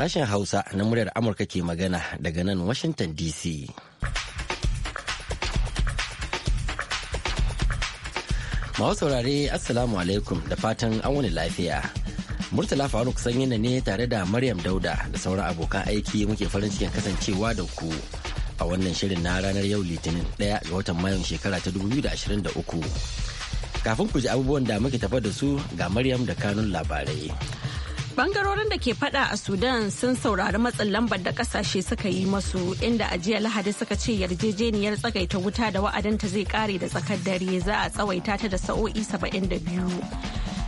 Sashen Hausa na muryar Amurka ke magana daga nan Washington DC. Masu saurare Assalamu alaikum da fatan an wani lafiya. Murtala Faruk sanyina ne tare da Maryam Dauda da sauran abokan aiki muke farin cikin kasancewa da ku a wannan shirin na ranar yau Litinin 1 ga watan Mayun shekara ta 2023. Kafin ku ji abubuwan da muke tafa da su ga Maryam da kanun labarai. Bangarorin da ke fada a Sudan sun saurari matsin lambar da kasashe suka yi masu inda a jiya Lahadi suka ce yarjejeniyar tsagaita wuta da wa'adinta zai kare da tsakar dare za a tsawaita ta da sa'o'i 72.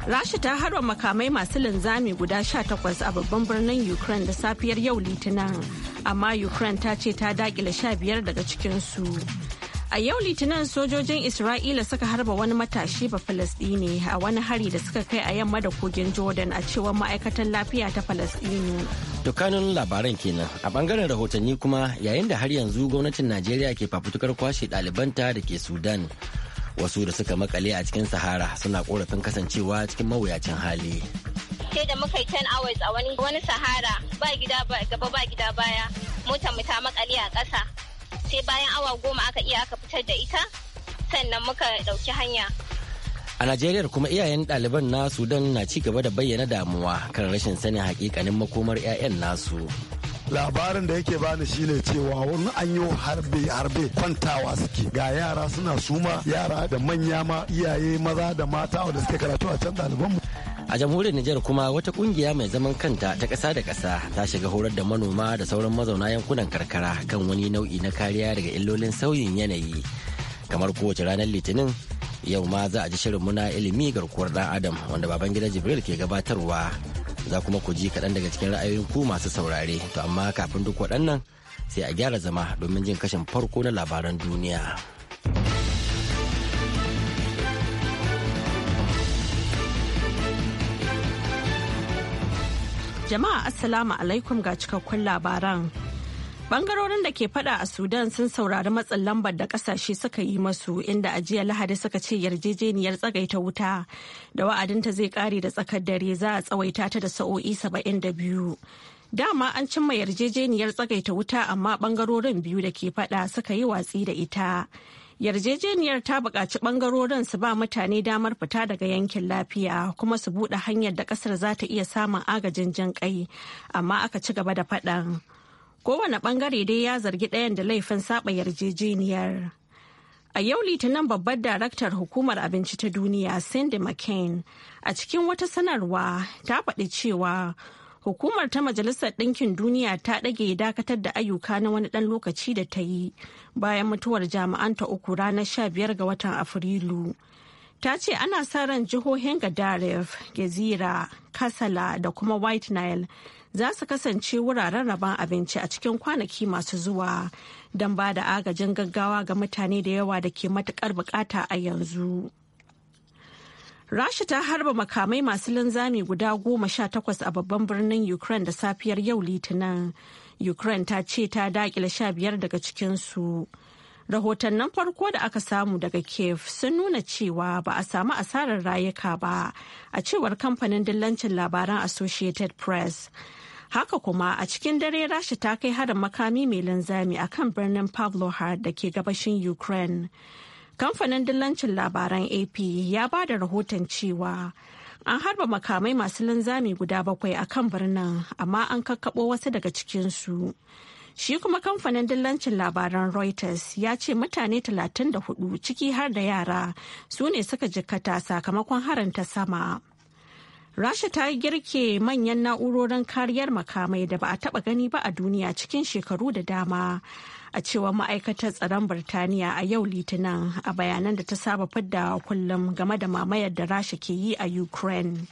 Rasha ta harba makamai masu linzami guda 18 a babban birnin Ukraine da safiyar yau Litinin, amma Ukraine ta ce ta dakile 15 daga cikinsu. su. A yau Litinin sojojin Isra'ila suka harba wani matashi ba Falasɗini a wani hari da suka kai a yamma da kogin Jordan a cewar ma'aikatan lafiya ta Falasɗini. Dukkanin labaran kenan a bangaren rahotanni kuma yayin da har yanzu gwamnatin Najeriya ke fafutukar kwashe ɗalibanta da ke Sudan. Wasu da suka makale a cikin Sahara suna korafin kasancewa cikin mawuyacin hali. sai da muka yi 10 hours a wani sahara ba gida gaba ba gida baya mota mu ta makale a ƙasa sai bayan awa goma aka iya aka fitar da ita sannan muka ɗauki hanya a najeriya kuma iyayen ɗaliban na sudan na ci gaba da bayyana damuwa kan rashin sanin hakikanin makomar 'ya'yan nasu labarin da yake bani shine cewa wani an yi harbe harbe kwantawa suke ga yara suna suma yara da manya ma iyaye maza da mata da suke karatu a can ɗalibanmu a jamhuriyar Nijar kuma wata kungiya mai zaman kanta ta ƙasa da ƙasa ta shiga horar da manoma da sauran mazauna yankunan karkara kan wani nau'i na kariya daga illolin sauyin yanayi kamar kowace ranar litinin yau ma za a ji shirin muna ilimi garkuwar dan adam wanda baban gida jibril ke gabatarwa za kuma ku ji kaɗan daga cikin ra'ayoyin ku masu saurare to amma kafin duk waɗannan sai a gyara zama domin jin kashin farko na labaran duniya. Jama'a Assalamu alaikum ga cikakkun labaran. Bangarorin da ke fada a Sudan sun saurari matsin lambar da kasashe suka yi masu inda a jiya Lahadi suka ce yarjejeniyar tsagaita wuta da wa'adinta zai kare da tsakar dare za a tsawaita ta da sa'o'i saba'in da biyu. Dama an cimma yarjejeniyar tsagaita wuta amma bangarorin biyu da ke fada suka yi watsi da ita. yarjejeniyar ta buƙaci ɓangarorin su ba mutane damar fita daga yankin lafiya kuma su buɗe hanyar da ƙasar za ta iya samun agajin jin ƙai amma aka ci gaba da faɗan kowane ɓangare dai ya zargi ɗayan da laifin saba yarjejeniyar a yau litinin babbar daraktar hukumar abinci ta duniya cindy mccain a cikin wata sanarwa ta faɗi cewa hukumar ta majalisar ɗinkin duniya ta ɗage dakatar da ayyuka na wani ɗan lokaci da ta yi bayan mutuwar jami'an uku ranar sha biyar ga watan afrilu ta ce ana sa ran jihohin gadaref gezira kasala da kuma white nile za su kasance wuraren rabon abinci a cikin kwanaki masu zuwa don ba da agajin gaggawa ga mutane da yawa da ke matukar bukata a yanzu. Rasha ta harba makamai masu linzami guda goma sha takwas a babban birnin Ukraine da safiyar yau Litinin. Ukraine ta ce ta dakile sha biyar daga cikinsu. Rahotannin farko da aka samu daga Kiev sun nuna cewa ba a samu asarar rayuka ba, a cewar kamfanin dillancin labaran Associated Press. Haka kuma a cikin dare Rasha ta kai harin makami mai linzami a kan birnin Pavlohar da ke gabashin Ukraine. kamfanin dillancin labaran ap ya ba da rahoton cewa an harba makamai masu linzami guda bakwai a kan birnin amma an kakkaɓo wasu daga cikinsu shi kuma kamfanin dillancin labaran reuters ya ce mutane 34 ciki har da yara su ne suka jikkata sakamakon harin ta sama rasha ta yi girke manyan na'urorin kariyar makamai da ba a taba gani ba a duniya cikin shekaru da dama a cewar ma'aikatar tsaron birtaniya a yau litinin a bayanan da ta saba fidda kullum game da mamayar da rasha ke yi a ukraine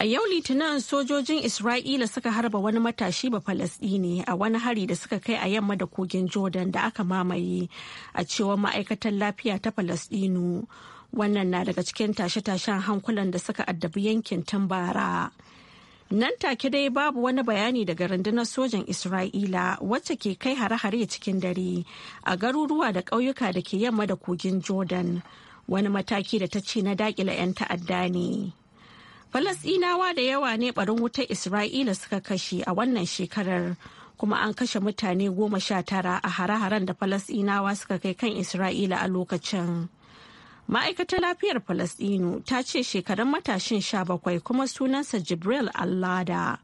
A yau Litinin sojojin Isra'ila suka harba wani matashi ba Falasɗini a wani hari da suka kai a yamma da kogin Jordan da aka mamaye a cewar ma'aikatar lafiya ta Falasɗinu. Wannan na daga cikin tashe-tashen hankulan da suka addabi yankin tun bara. Nan take dai babu wani bayani daga rundunar sojan Isra'ila wacce ke kai hare-hare cikin dare a garuruwa da ƙauyuka da ke yamma da kogin Jordan wani mataki da ta ce na dakila 'yan ta'adda ne. Falasɗinawa da yawa ne ɓarin wutar Isra'ila suka kashe a wannan shekarar kuma an kashe mutane goma sha tara a hare-haren da Falasɗinawa suka kai kan Isra'ila a lokacin. ma'aikatar lafiyar falasɗinu ta ce shekarun matashin sha bakwai kuma sunansa jibril allada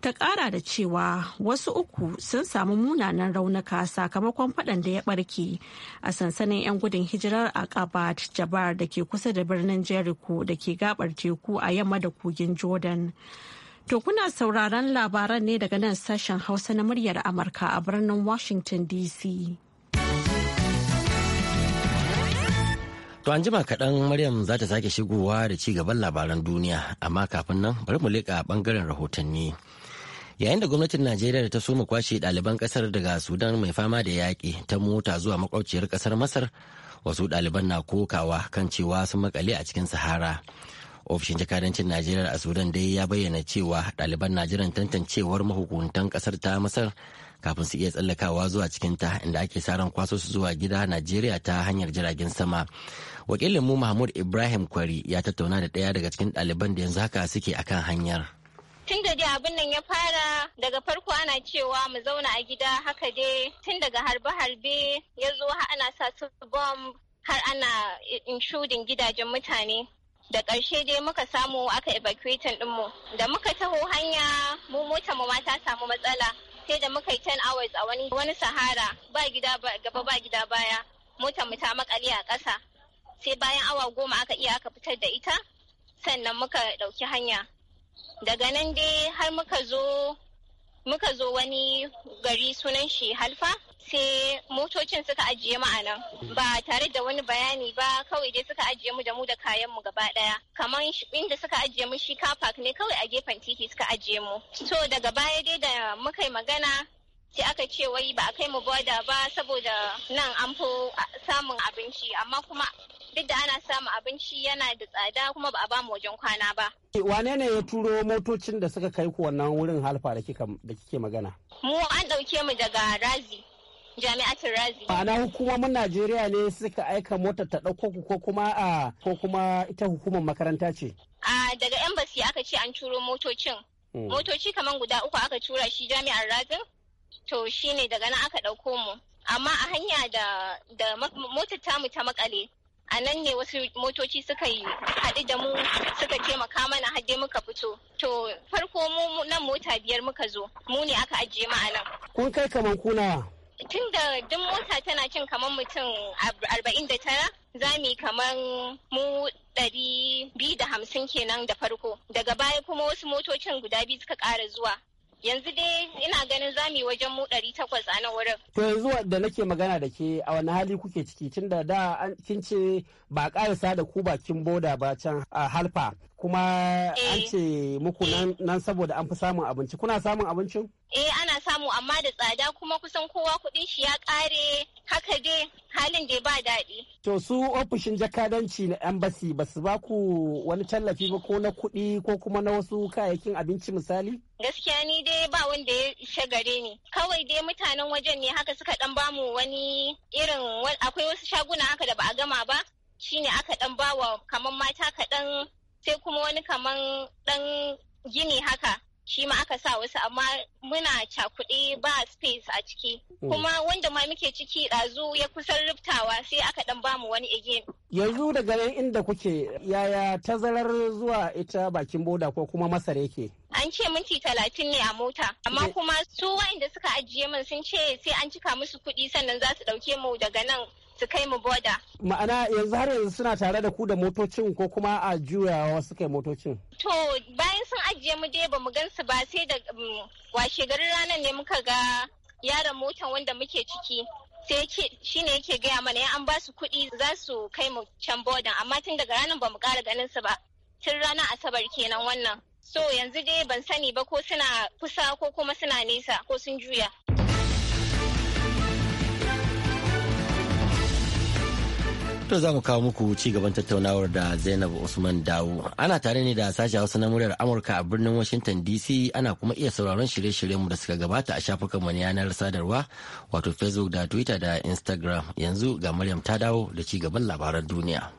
ta kara da cewa wasu uku sun samu munanan raunuka sakamakon faɗan da ya barke a sansanin 'yan gudun hijirar akabat jabar da ke kusa da birnin jericho da ke gabar teku a yamma da kogin jordan to kuna sauraron labaran ne daga nan sashen hausa na muryar amurka a birnin washington dc To an jima kaɗan Maryam za ta sake shigowa da ci gaban labaran duniya, amma kafin nan bari mu leƙa ɓangaren rahotanni. Yayin da gwamnatin Najeriya da ta so mu kwashe ɗaliban ƙasar daga Sudan mai fama da yaƙi ta mota zuwa makwabciyar ƙasar Masar, wasu ɗaliban na kokawa kan cewa sun makale a cikin Sahara. Ofishin jakadancin Najeriya a Sudan dai ya bayyana cewa ɗaliban na jiran tantancewar mahukuntan ƙasar ta Masar kafin su iya tsallakawa zuwa cikinta inda ake sa ran kwaso su zuwa gida Najeriya ta hanyar jiragen sama. wakilin mu mahmud ibrahim kwari ya tattauna da ɗaya daga cikin ɗaliban da yanzu haka suke akan hanyar tun da dai abin nan ya fara daga farko ana cewa mu zauna a gida haka dai tun daga harbe-harbe ya zo ana sa su bom har ana intruding gidajen mutane da ƙarshe dai muka samu aka evacuating ɗinmu da muka taho hanya mu mota mu ma ta samu matsala sai da muka yi 10 hours a wani sahara ba gida gaba ba gida baya mota mu ta makale a ƙasa sai bayan awa goma aka iya aka fitar da ita sannan muka ɗauki hanya daga nan dai har muka zo muka zo wani gari sunan shi halfa sai motocin suka ajiye mu a nan ba tare da wani bayani ba kawai dai suka ajiye mu da mu da kayan mu gaba daya kamar inda suka ajiye mu shi car park ne kawai a gefen titi suka ajiye mu To daga baya dai da muka yi magana sai aka ce wai ba a kai mu boda ba saboda nan an fi samun abinci amma kuma duk da ana samun abinci yana da tsada kuma ba a bamu wajen kwana ba. Wane ne ya turo motocin da suka kai ku wannan wurin halfa da kike magana? Mu an ɗauke mu daga Razi. jami'atin razi. Ma'ana hukumomin Najeriya ne suka aika mota ta ɗauko ku ko kuma a ko kuma ita hukumar makaranta ce? A daga embassy aka ce an turo motocin. Hmm. Motoci kamar guda uku aka tura shi jami'ar razin to shine daga nan aka ɗauko mu amma a hanya da da ta mu ta makale a nan ne wasu motoci suka yi haɗu da mu suka taimaka mana hadde muka fito to farko mu nan mota biyar muka zo mu ne aka ajiye mu a nan kun kai kaman kuna tun da duk mota tana cin kaman mutum arba'in da tara za mu yi kaman mu ɗari biyu da hamsin kenan da farko daga baya kuma wasu motocin guda biyu suka ƙara zuwa yanzu dai ina ganin zami wajen mu ɗari takwas a nan wurin. To yanzu da nake magana da ke a wani hali kuke ciki tun da da kin ce ba ƙarisa da ku bakin boda ba can a halfa kuma an eh. ce muku nan saboda an fi samun abinci kuna samun abincin? Eh ana samu amma da tsada kuma kusan kowa kuɗin shi ya kare haka dai halin da ba daɗi. To su ofishin jakadanci na embassy ba su ba ku wani tallafi ba ko na kuɗi ko kuma na wasu kayayyakin abinci misali? Gaskiya ni dai ba wanda ya gare ni. Kawai dai mutanen wajen ne haka suka ɗan bamu wani irin akwai wasu shaguna haka da ba a gama ba. Shine aka ɗan bawa kamar mata kaɗan sai kuma wani kaman ɗan gini haka shi ma aka sa wasu amma muna cakuɗe ba space a ciki mm. kuma wanda ma muke ciki ɗazu ya kusan riftawa sai aka ɗan bamu wani again yanzu daga inda kuke yaya tazarar zuwa ita bakin boda ko kuma masar yake an ce minti talatin ne a mota amma kuma su wa'inda suka ajiye min sun ce sai an cika musu kuɗi sannan za su ɗauke mu daga nan su kai mu boda. Ma'ana yanzu har yanzu suna tare da ku da motocin ko kuma a juyawa suka yi motocin? To bayan sun ajiye mu dai ba mu gansu ba sai da um, washe garin ranar ne muka ga yaron motan wanda muke ciki. sai shi ne yake gaya mana an ba su kuɗi za su kai mu can bodan amma tun daga ranar ba mu ƙara ganin su ba tun ranar asabar kenan wannan So yanzu dai ban sani ba ko suna kusa ko kuma suna nesa ko sun juya. To za mu kawo muku ci gaban tattaunawar da Zainab Usman Dawo. Ana tare ne da sashen Hausa na muryar Amurka a birnin Washington DC ana kuma iya sauraron shirye-shiryenmu da suka gabata a shafukan mu yanar sadarwa wato Facebook da Twitter da Instagram. Yanzu ga Maryam ta dawo da ci gaban labaran duniya.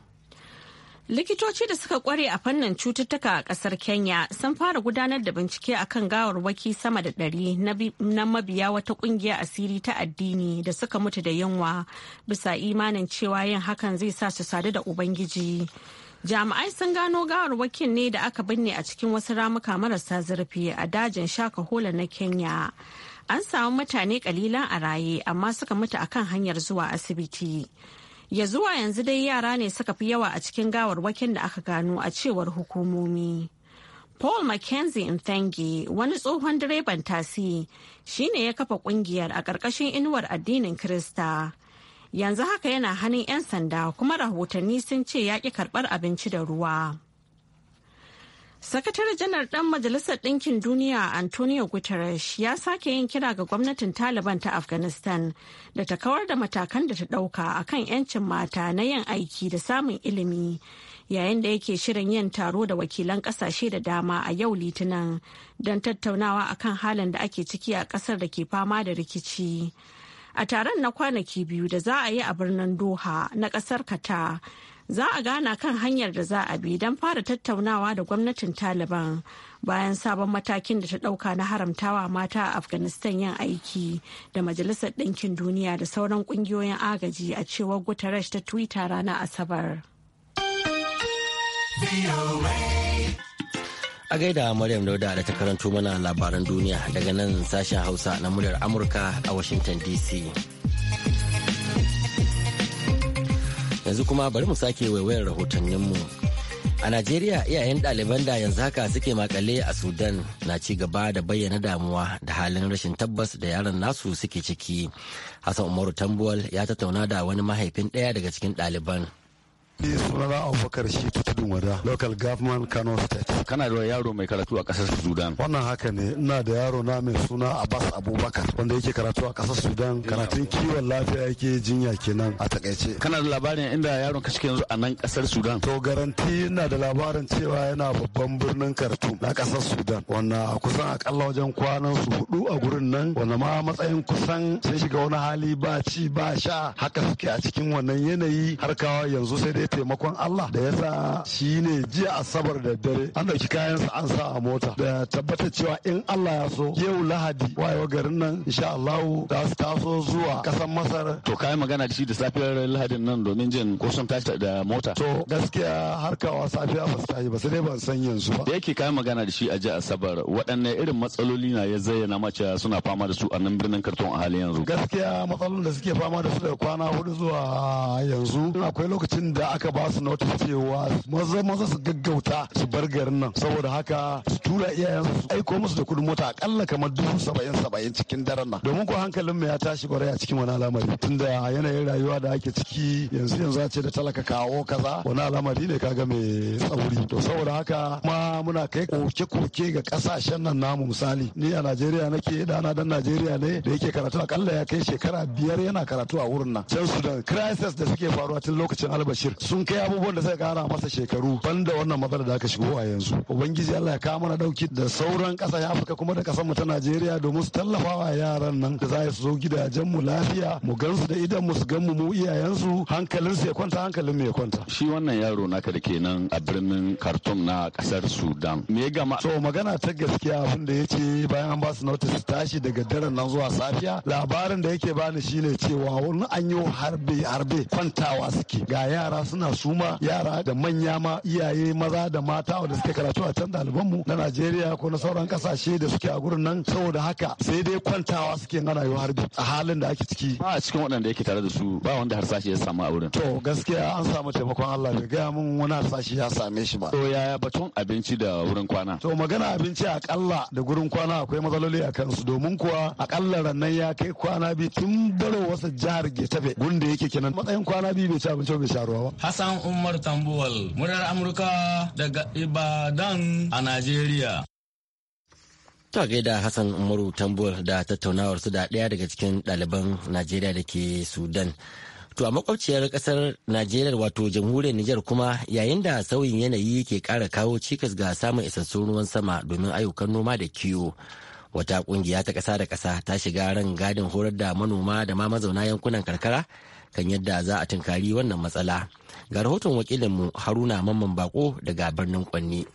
Likitoci da suka kware a fannin cututtuka a kasar Kenya sun fara gudanar da bincike a akan gawarwaki sama da ɗari na mabiya wata kungiya asiri ta addini da suka mutu da yunwa bisa imanin cewa yin hakan zai sa su sadu da Ubangiji. Jami'ai sun gano gawarwakin ne da aka binne a cikin wasu ramuka marasa zurfi a dajin Shakahola na Kenya. An samu mutane kalilan a raye amma suka mutu akan hanyar zuwa asibiti. ya zuwa yanzu dai yara ne suka fi yawa a cikin gawarwakin da aka gano a cewar hukumomi paul mackenzie Nthenge wani tsohon direban tasi shi ne ya kafa kungiyar a ƙarƙashin inuwar addinin krista yanzu haka yana hannun 'yan sanda kuma rahotanni sun ce ya ƙi karɓar abinci da ruwa Sakatare janar ɗan Majalisar Ɗinkin Duniya Antonio Guterres ya sake yin kira ga gwamnatin Taliban ta Afghanistan da ta kawar da matakan da ta ɗauka a kan 'yancin mata na yin aiki da samun ilimi yayin da yake shirin yin taro da wakilan ƙasashe da dama a yau litinin don tattaunawa a kan halin da ake ciki a ƙasar da ke fama da rikici. a taron na kwanaki biyu da za a yi a birnin doha na ƙasar kata za a gana kan hanyar da za a bi don fara tattaunawa da gwamnatin taliban bayan sabon matakin da ta ɗauka na haramtawa mata a afghanistan yin aiki da majalisar ɗinkin duniya da sauran ƙungiyoyin agaji a cewar guterres ta twitter ranar asabar a gaida maryam dauda da ta karanto mana labaran duniya daga nan sashen hausa na muryar amurka a washington dc yanzu kuma bari mu sake waiwayar rahotanninmu a najeriya iyayen ɗaliban da yanzu haka suke makale a sudan na ci gaba da bayyana damuwa da halin rashin tabbas da yaran nasu suke ciki hassan umaru tambuwal ya tattauna da wani mahaifin ɗaya daga cikin ɗaliban sunana abubakar shi tudun wada local government kano state kana da yaro mai karatu a kasar sudan wannan haka ne ina da yaro na mai suna abbas abubakar wanda yake karatu a kasar sudan karatun kiwon lafiya yake jinya kenan a takaice kana da labarin inda yaron ka yanzu a nan kasar sudan to garanti ina da labarin cewa yana babban birnin karatu. na kasar sudan wanda kusan akalla wajen kwanan su hudu a gurin nan wanda ma matsayin kusan sai shiga wani hali ba ci ba sha haka suke a cikin wannan yanayi har yanzu sai dai taimakon allah da yasa shine jiya asabar da dare ɗauki kayansa an sa a mota da tabbatar cewa in Allah ya so yau Lahadi wayo garin nan insha Allah za su taso zuwa kasan Masar. To kai magana da shi da safiyar Lahadin nan domin jin ko sun tashi da mota. To gaskiya harkawa safiya ba su tashi ba sai dai ban san yanzu ba. Da yake kai magana da shi a ji Asabar waɗanne irin matsaloli na ya zayyana mace suna fama da su a nan birnin Karton a halin yanzu. Gaskiya matsalolin da suke fama da su daga kwana hudu zuwa yanzu akwai lokacin da aka ba su notice cewa maza maza su gaggauta su bar garin nan saboda haka su tura iyayensu su aiko musu da kudin mota akalla kamar dubu saba'in saba'in cikin daren nan domin ko hankalin mu ya tashi kwarai a cikin wani al'amari tunda yanayin rayuwa da ake ciki yanzu yanzu a ce da talaka kawo kaza wani al'amari ne kaga mai tsauri to saboda haka kuma muna kai koke-koke ga kasashen nan namu misali ni a Najeriya nake na dan Najeriya ne da yake karatu akalla ya kai shekara biyar yana karatu a wurin nan can su da crisis da suke faruwa tun lokacin albashir sun kai abubuwan da suka kara masa shekaru banda wannan matsalar da aka shigo a yanzu su ubangiji Allah ya kama na dauki da sauran kasa ya Afirka kuma da kasar mu ta Najeriya domin su tallafa wa yaran nan da za su zo gidajen mu lafiya mu gan su da idan mu su gan mu mu iyayen su hankalin su ya kwanta hankalin mu ya kwanta shi wannan yaro naka da kenan a birnin Khartoum na kasar Sudan me gama so magana ta gaskiya abin da yace bayan an ba su notice tashi daga daren nan zuwa safiya labarin da yake bani shine cewa wani an yi harbe harbe kwantawa suke ga yara suna suma yara da manya ma iyaye maza da mata wanda suke karatu a can ɗalibanmu na Najeriya ko na sauran kasashe da suke a gurin nan saboda haka sai dai kwantawa suke na rayuwa har a halin da ake ciki. Ba a cikin waɗanda yake tare da su ba wanda harsashi ya samu a wurin. To gaskiya an samu taimakon Allah bai gaya mun wani harsashi ya same shi ba. To yaya batun abinci da wurin kwana? To magana abinci akalla da gurin kwana akwai matsaloli a kansu domin kuwa akalla rannan ya kai kwana biyu tun baro wasa jihar Getafe gunda yake kenan matsayin kwana bi bai ci abinci bai sha ruwa ba. Hassan Umar Tambuwal murar Amurka daga Ibadan. Adan a Najeriya. Ta gaida Hassan Umaru Tambul da tattaunawar su da ɗaya daga cikin ɗaliban Najeriya da ke Sudan. To a makwabciyar ƙasar Najeriya wato jamhuriyar Nijar kuma yayin da sauyin yanayi ke ƙara kawo cikas ga samun isassun ruwan sama domin ayyukan noma da kiwo. Wata ƙungiya ta ƙasa da ƙasa ta shiga ran gadin horar da manoma da ma mazauna yankunan karkara kan yadda za a tunkari wannan matsala. Ga rahoton wakilinmu Haruna Mamman Bako daga birnin Kwanni.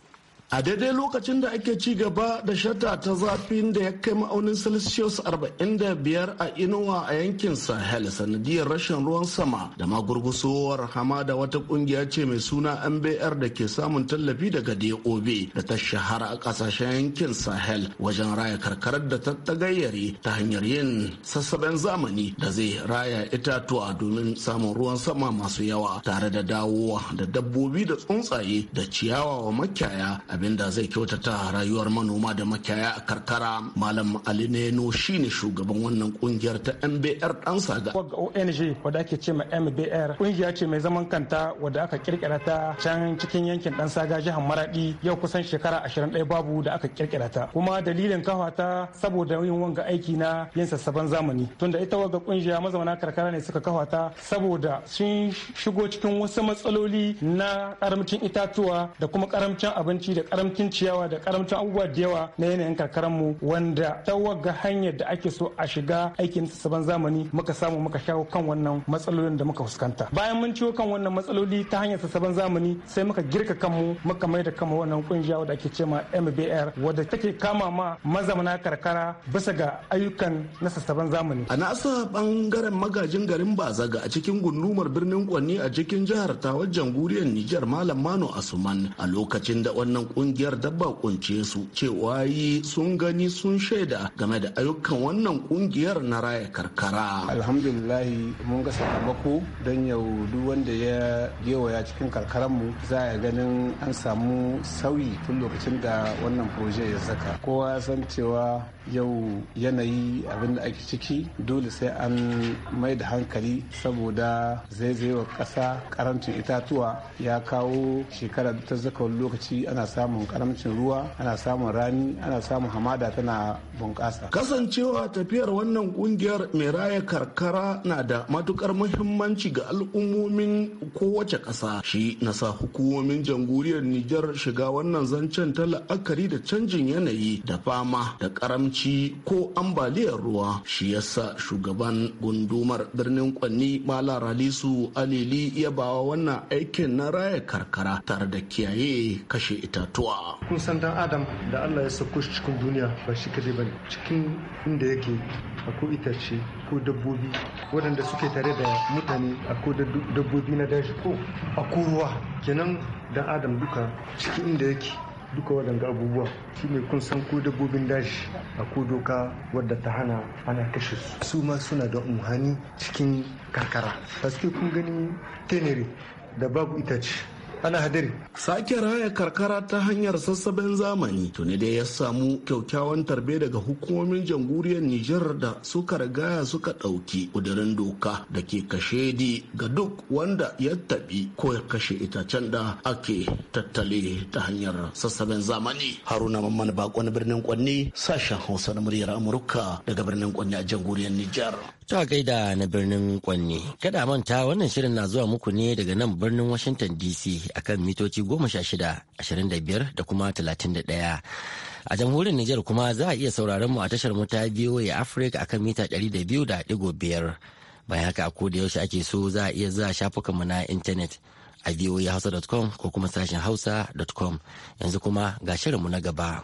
a daidai lokacin da ake ci gaba da shata ta zafin da ya kai ma'aunin celsius 45 a inuwa a yankin sahel sanadiyar rashin ruwan sama da magurgusowar hamada wata kungiya ce mai suna mbr da ke samun tallafi daga dob da ta shahara a kasashen yankin sahel wajen raya karkarar da ta ta hanyar yin sassaben zamani da zai raya itatuwa domin samun ruwan sama masu yawa tare da dawowa da dabbobi da tsuntsaye da ciyawa wa makiyaya a abinda zai kyautata rayuwar manoma da makiyaya a karkara malam ali neno shine shugaban wannan kungiyar ta mbr ɗansa ga ong wadda ake ce ma mbr kungiya ce mai zaman kanta wadda aka kirkira ta can cikin yankin dan saga jihar maradi yau kusan shekara ashirin 21 babu da aka kirkira ta kuma dalilin kafa ta saboda yin wanga aiki na yin sassaban zamani tunda ita wadda kungiya mazauna karkara ne suka kafa ta saboda sun shigo cikin wasu matsaloli na karamcin itatuwa da kuma karamcin abinci da karamcin ciyawa da karamcin abubuwa da yawa na yanayin karkaranmu wanda ta wagga hanyar da ake so a shiga aikin sassaban zamani muka samu muka shawo kan wannan matsalolin da muka fuskanta bayan mun ciwo kan wannan matsaloli ta hanyar sassaban zamani sai muka girka kanmu muka mai da kanmu wannan kungiya wadda ake cema MBR wadda take kama ma mazamana karkara bisa ga ayyukan na sassaban zamani a nasa bangaren magajin garin bazaga a cikin gundumar birnin kwanni a cikin jihar ta wajen guriyar Nijar Malam Mano Asuman a lokacin da wannan kungiyar dabba kunce su cewa yi sun gani sun shaida game da ayyukan wannan kungiyar na raya karkara alhamdulillah mun ga sakamako don yau duk wanda ya gewaya cikin mu za a ganin an samu sauyi tun lokacin da wannan proje ya saka kowa ya san cewa yau yanayi abin da ake ciki dole sai an mai da hankali saboda wa ƙasa karancin itatuwa ya kawo shekara ta zaka lokaci ana samun samun karamcin ruwa ana samun rani ana samun hamada tana bunƙasa kasancewa tafiyar wannan kungiyar mai raya karkara na da matukar muhimmanci ga al'ummomin kowace ƙasa shi nasa hukumomin jamhuriyar nijar shiga wannan zancen ta la'akari da canjin yanayi da fama da karamci ko ambaliyar ruwa shi yasa shugaban gundumar birnin kwanni malar alisu alili ya bawa wannan aikin na raya karkara tare da kiyaye kashe itatu mutuwa kun san dan adam da Allah ya sauko shi cikin duniya ba shi kadai bane cikin inda yake akwai itace ko dabbobi waɗanda suke tare da mutane akwai dabbobi na daji ko akwai ruwa kenan dan adam duka cikin inda yake duka waɗanda abubuwa ne kun san ko dabbobin dashi a ko doka wadda ta hana ana kashe su su ma suna da umhani cikin karkara paske kun gani tenere da babu itace ana hadiri sake raya karkara ta hanyar sassaben zamani tuni dai ya samu kyaukyawan tarbe daga hukumomin jamhuriyar nijar da suka rigaya suka ɗauki ƙudurin doka da ke kashe di ga duk wanda ya taɓi ko ya kashe itacen da ake tattale ta hanyar sassaben zamani haruna mamman bakon birnin kwanni sashen hausa na muryar amurka daga birnin kwanni a jamhuriyar nijar a gaida na birnin Kwanne, kada manta wannan shirin na zuwa muku ne daga nan birnin Washington DC akan mitoci shida, ashirin da kuma 31. A jamhuriyar Nijar kuma za a iya sauraron mu a tashar mu ta VOA Africa akan mita ɗari da da biyu 200.5. Bayan haka a da yaushe ake so za a iya zuwa shafukanmu na intanet a voahausa.com ko kuma sashen hausa.com yanzu kuma ga shirinmu na gaba.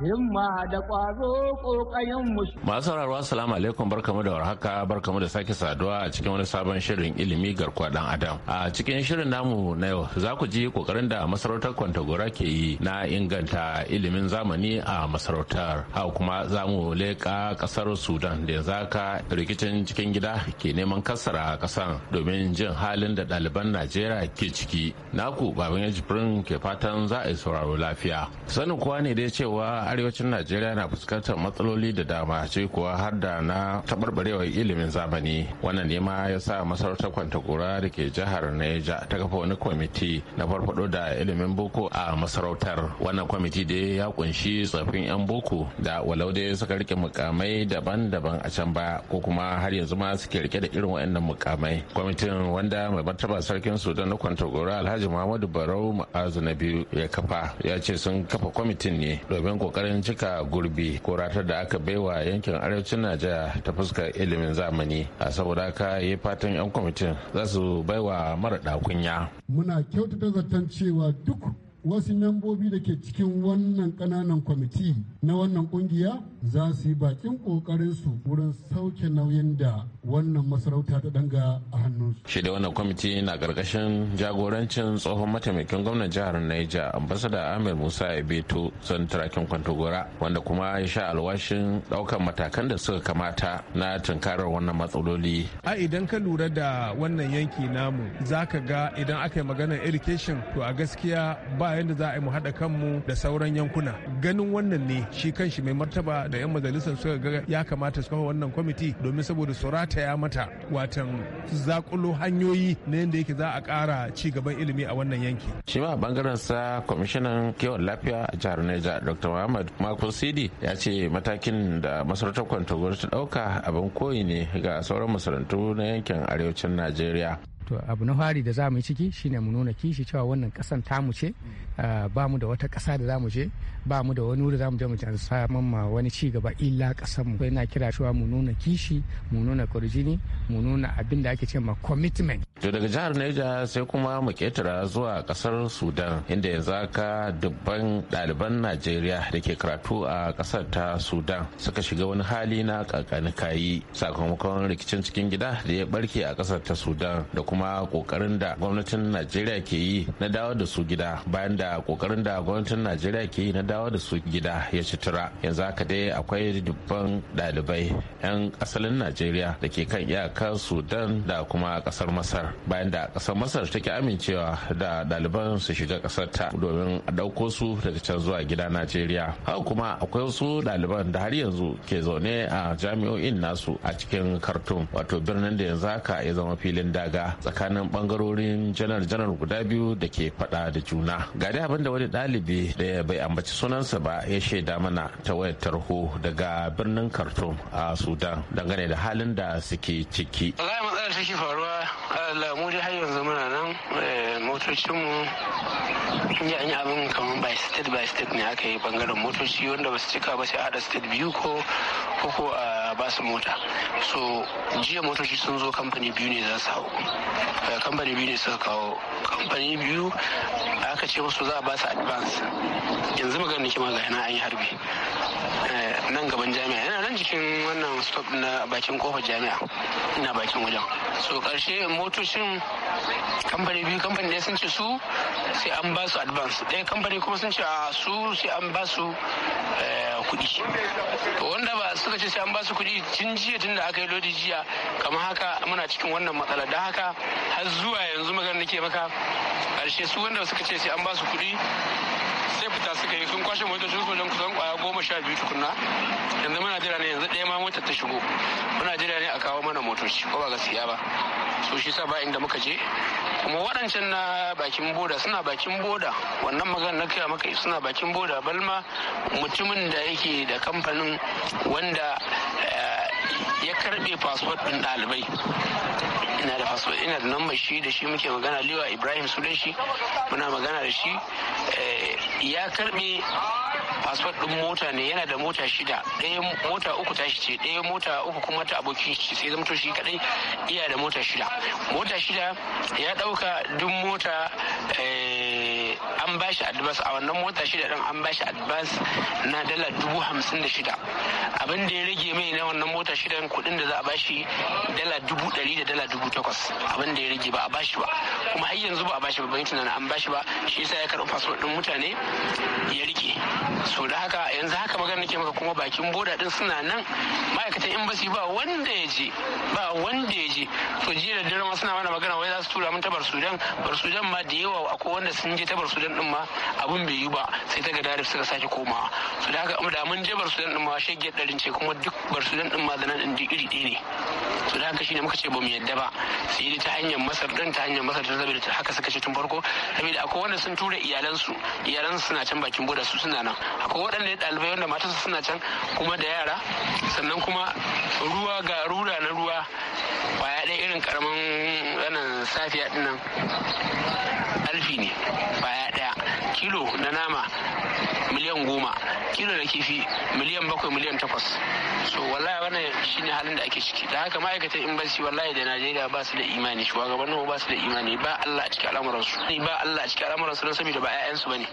himma da ƙwazo ƙayan musu. Masu sauraro assalamu alaikum barkamu da warhaka barkamu da sake saduwa a cikin wani sabon shirin ilimi garkuwa dan adam. A cikin shirin namu na yau za ku ji ƙoƙarin da masarautar Kwantagora ke yi na inganta ilimin zamani a masarautar. A kuma za mu leƙa ƙasar Sudan da yanzu haka rikicin cikin gida ke neman kassara ƙasan domin jin halin da ɗaliban Najeriya ke ciki. Naku baban ya ke fatan za a yi sauraro lafiya. Sanin kuwa ne dai cewa arewacin najeriya na fuskantar matsaloli da dama ce kuwa har da na taɓarɓarewar ilimin zamani wannan nema ma ya sa masarautar kwantakura da ke jihar neja ta kafa wani kwamiti na farfado da ilimin boko a masarautar wannan kwamiti dai ya kunshi tsaffin 'yan boko da walau dai suka rike mukamai daban-daban a can ba ko kuma har yanzu ma suke rike da irin waɗannan mukamai kwamitin wanda mai martaba sarkin sudan na kwantagora alhaji muhammadu barau ma'azu na biyu ya kafa ya ce sun kafa kwamitin ne domin kokarin kokarin cika gurbi ko ratar da aka baiwa yankin arewacin najeriya ta fuskar ilimin zamani a saboda haka ya fatan yan kwamitin za su baiwa mara kunya muna kyautata zaton cewa duk wasu membobi da ke cikin wannan kananan kwamiti na wannan ƙungiya za su yi bakin ƙoƙarinsu wurin sauke nauyin da wannan masarauta ta danga a hannunsu. Shi da wannan kwamiti na karkashin jagorancin tsohon mataimakin gwamnan jihar Niger ambasada Amir Musa Ebeto son turakin Kwantogora wanda kuma ya sha alwashin ɗaukar matakan da suka kamata na tunkarar wannan matsaloli. A idan ka lura da wannan yanki namu za ka ga idan aka yi maganar education to a gaskiya ba yadda za a yi mu haɗa kanmu da sauran yankuna ganin wannan ne shi kanshi mai martaba da 'yan majalisar suka ga ya kamata su kafa wannan kwamiti domin saboda su rataya mata watan zakulo hanyoyi na yadda yake za a ƙara ci gaban ilimi a wannan yanki. shi ma bangaren sa kwamishinan kiwon lafiya a jihar neja dr muhammad mako sidi ya ce matakin da masarautar kwantagwar ta ɗauka abin koyi ne ga sauran masarautu na yankin arewacin najeriya to abu na fari da za mu yi ciki shine mu nuna kishi cewa wannan kasan tamu ce mm. ah, ba mu da wata kasa da za mu je ba mu da wani wuri za mu je mu samun ma wani ci gaba illa ƙasar mu na kira cewa mu nuna kishi mu nuna kurjini mu nuna abin da ake ce ma commitment to daga jihar Niger sai kuma mu ketara zuwa kasar Sudan inda yanzu haka dubban ɗaliban Najeriya da ke karatu a ƙasar ta Sudan suka shiga wani hali na kakanikayi sakamakon rikicin cikin gida da ya barke a ƙasar ta Sudan da kuma ƙoƙarin da gwamnatin Najeriya ke yi na dawo da su gida bayan da ƙoƙarin da gwamnatin Najeriya ke yi na dawo da su gida ya ci tura yanzu haka dai akwai dubban dalibai 'yan asalin najeriya da ke kan iyakar sudan da kuma kasar masar bayan da kasar masar take amincewa da daliban su shiga kasar ta domin a dauko su daga can zuwa gida najeriya haka kuma akwai wasu daliban da har yanzu ke zaune a jami'o'in nasu a cikin khartoum wato birnin da yanzu haka ya zama filin daga tsakanin bangarorin janar janar guda biyu da ke faɗa da juna ga dai abin da wani dalibi da ya bai ambaci sunansa ba ya shaida mana ta wayar tarho daga birnin khartoum a sudan dangane da halin da suke ciki wallahi matsalar take faruwa lamu da har yanzu muna nan eh, motocinmu sun yi abin kamar by state by state ne aka yi bangaren motoci wanda ba su cika ba sai a hada state biyu ko ko a a ba su mota so jiya motoci sun zo kamfani biyu ne za su hau eh, kamfani biyu ne suka kawo kamfani biyu aka ce musu za a ba su advance yanzu magana ga yana an yi harbi Eh, nan gaban jami'a yana nan jikin wannan stop na bakin kofar jami'a ina bakin wajen so karshe motocin kamfani biyu kamfani ne sun ce su sai an ba su advance ɗaya kamfani kuma sun ce a su sai an ba su eh, kuɗi wanda ba suka ce sai an ba su kuɗi tun jiya tun da aka yi lodi jiya kamar haka muna cikin wannan matsala don haka har zuwa yanzu magana nake maka karshe su wanda suka ce sai an ba su kuɗi sai fita suka yi sun kwashe motocin sojan kusan kwaya goma sha biyu tukunna yanzu muna jira ne yanzu ɗaya ma motar ta shigo muna jira ne a kawo mana motoci ko ba gaskiya ba su shi sa ba inda muka je kuma waɗancan na bakin boda suna bakin boda wannan magana na kai maka suna bakin boda balma mutumin da yake da kamfanin wanda eh, ya karbe fasfot ɗin ɗalibai ina da fasfot ina da nan shi da shi muke magana liwa ibrahim sunan shi muna magana da shi eh, ya karbe fasfot ɗin mota ne yana da mota shida ɗaya mota uku tashi ce ɗaya mota uku kuma ta abokin shi sai zamto shi kadai iya da mota shida mota shida ya ɗauka duk mota eh, an shi advance a wannan mota shida din an ba shi advance na dala dubu hamsin da shida abin da ya rage mai na wannan mota shida kuɗin da za a bashi dala dubu ɗari da dala dubu takwas abin da ya rage ba a ba shi ba kuma har yanzu ba a ba shi ba bai tunanin an ba shi ba shi yasa ya karɓi fasfo ɗin mutane ya rike so da haka yanzu haka magana nake maka kuma bakin boda din suna nan ma'aikatan embassy ba wanda ya je ba wanda ya je to jiya da dare ma suna mana magana wai za su tura mun tabar sudan bar sudan ma da yawa akwai wanda sun je tabar sudan din ma abin bai yi ba sai daga darif suka sake komawa su da haka da mun je bar sudan din ma shege ɗarin ce kuma duk bar sudan din ma zanen din iri ɗaya ne su da haka shine muka ce ba mu yadda ba su yi ta hanyar masar din ta hanyar masar ta zabi da haka suka ce tun farko saboda akwai wanda sun tura iyalansu iyalansu suna can bakin boda su suna nan akwai waɗanda ɗalibai wanda matarsa suna can kuma da yara sannan kuma ruwa ga rura na ruwa kwaya ɗaya irin karamin safiya dinnan alfi ne kwaya kilo na nama miliyan goma kilo da kifi miliyan bakwai miliyan takwas so wallahi wannan shine halin da ake ciki da haka ma'aikatan embassy wallahi da najeriya ba su da imani shugabannin ba su da imani ba allah a cikin al'amuransu ba allah a cikin al'amuransu don saboda ba 'ya'yansu ba ne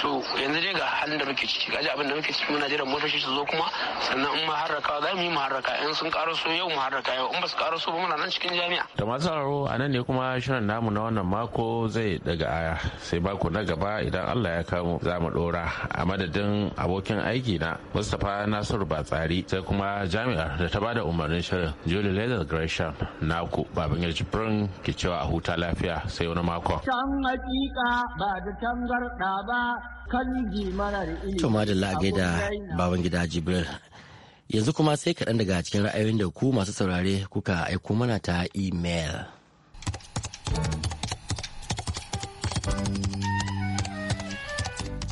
so yanzu dai ga halin da muke ciki gaji abin da muke ciki muna jiran motoci su zo kuma sannan in maharraka za mu yi maharraka in sun karo so yau maharraka yau in ba su karo so ba muna nan cikin jami'a da masu sauraro a nan ne kuma shirin namu na wannan mako zai daga aya sai bako na gaba idan allah ya kamo za mu dora a madadin madadin abokin aiki na mustapha nasiru batsari sai kuma jami'ar da ta bada umarnin shirin julie leather gresham naku baban yarjibirin ke cewa a huta lafiya sai wani mako. can hakika ba da tangarda ba kan marar ilimi. a gaida baban gida jibril yanzu kuma sai kaɗan daga cikin ra'ayoyin da ku masu saurare kuka aiko mana ta email.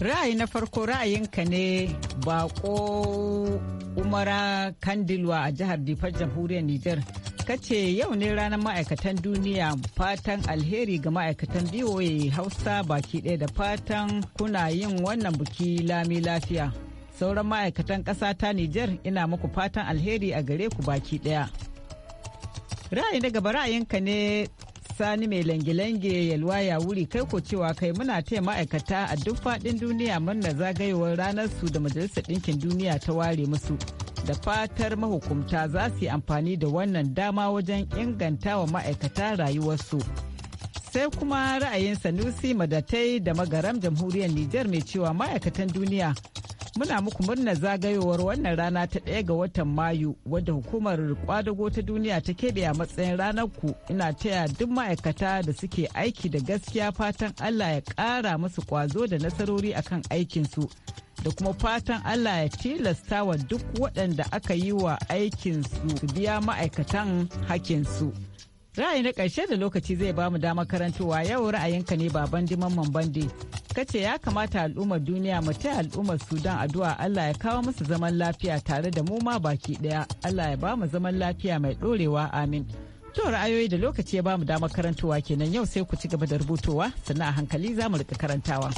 ra'ayi na farko ra'ayinka ne bako umara kandilwa a jihar difar jamhuriyar niger ce yau ne ranar ma'aikatan duniya fatan alheri ga ma'aikatan biyoyi hausa baki ɗaya da fatan kuna yin wannan buki lami lafiya sauran ma'aikatan ƙasa ta niger ina muku fatan alheri a gare ku baki ɗaya ra'ayi na gaba ra'ayinka ne sani mai lange yalwa ya wuri kai ko cewa kai muna taya ma'aikata a duk faɗin duniya murna zagayowar ranar su da majalisar ɗinkin duniya ta ware musu da fatar mahukumta za su yi amfani da wannan dama wajen inganta wa ma'aikata rayuwarsu sai kuma ra'ayin sanusi madatai da magaram jamhuriyar niger mai cewa ma'aikatan duniya muna muku murnar zagayowar wannan rana ta ɗaya ga watan mayu wadda hukumar kwadago ta duniya ta keɓe a matsayin ranar ku ina taya duk ma'aikata da suke aiki da gaskiya fatan allah ya ƙara musu kwazo da nasarori akan aikinsu da kuma fatan allah ya tilasta wa duk waɗanda aka yi wa aikinsu su biya ma'aikatan hakinsu. ra'ayi na ƙarshe da lokaci zai ba mu dama karantowa yau ra'ayinka ne baban diman bande kace ya kamata al'ummar duniya mu taya al'ummar sudan addu'a allah ya kawo musu zaman lafiya tare da mu ma baki daya allah ya ba mu zaman lafiya mai dorewa amin to ra'ayoyi da lokaci ya ba mu damar karantowa kenan yau sai ku ci gaba da rubutowa sannan a hankali za mu rika karantawa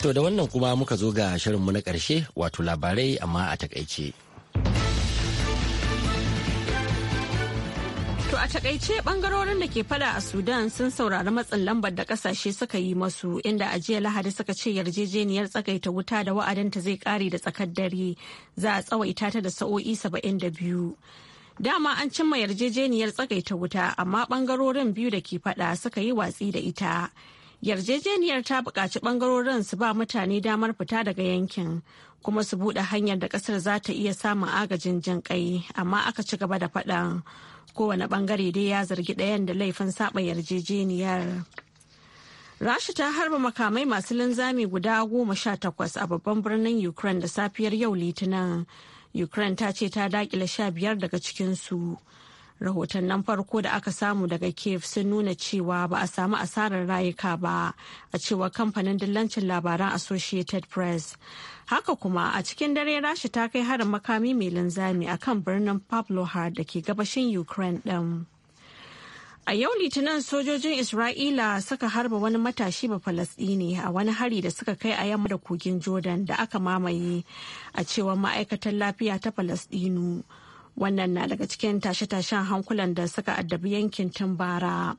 to da wannan kuma muka zo ga shirinmu na ƙarshe wato labarai amma a takaice. a takaice bangarorin da ke fada a Sudan sun saurari matsin lambar da kasashe suka yi masu inda a jiya Lahadi suka ce yarjejeniyar tsakaita wuta da wa'adinta zai kare da tsakar dare za a tsawaita ta da sa'o'i 72. Dama an cimma yarjejeniyar tsakaita wuta amma bangarorin biyu da ke fada suka yi watsi da ita yarjejeniyar ta buƙaci bangarorin su ba mutane damar fita daga yankin kuma su buɗe hanyar da ƙasar za ta iya samun agajin jin ƙai amma aka ci gaba da faɗan kowane ɓangare dai ya zargi ɗayan da laifin saba yarjejeniyar rasha ta harba makamai masu linzami guda goma sha takwas a babban birnin ukraine da safiyar yau litinin ukraine ta ce ta dakile sha biyar daga cikinsu. su rahotannin farko da aka samu daga kiev sun nuna cewa ba a samu asarar rayuka ba a cewa kamfanin dillancin labaran associated press haka kuma a cikin dare rashi ta kai harin makami mai linzami a kan birnin pavlohar da ke gabashin ukraine din a yau litinin sojojin isra'ila suka harba wani matashi ba falasdini a wani hari da suka kai a yamma da kogin jordan da aka mamaye a cewar ma'aikatar lafiya ta falasdinu wannan na daga cikin tashe-tashen hankulan da suka addabi yankin tun bara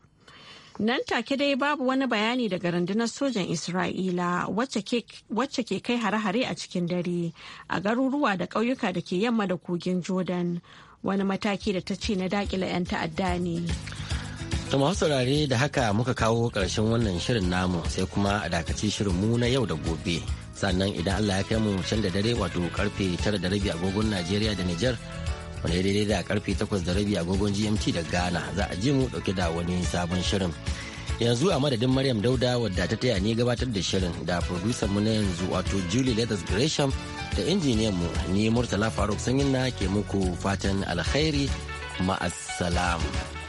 nan take dai babu wani bayani daga rundunar sojan isra'ila wacce ke kai hare-hare a cikin dare a garuruwa da ƙauyuka da ke yamma da kogin jordan wani mataki da ta ce na dakila 'yan ta'adda ne To masu saurare da haka muka kawo ƙarshen wannan shirin namu sai kuma a dakaci shirin mu na yau da gobe. Sannan idan Allah ya kai mu can da dare wato karfe tara da rabi agogon Najeriya da Nijar wanda daidai da karfe 8 da rabi agogon gmt da ghana za a ji mu dauke da wani sabon shirin yanzu a madadin maryam dauda wadda ta taya ne gabatar da shirin da producer mu na yanzu wato julie letters gresham da injiniyan mu ni murtala faruk sanyin na ke muku fatan alkhairi ma'assalam.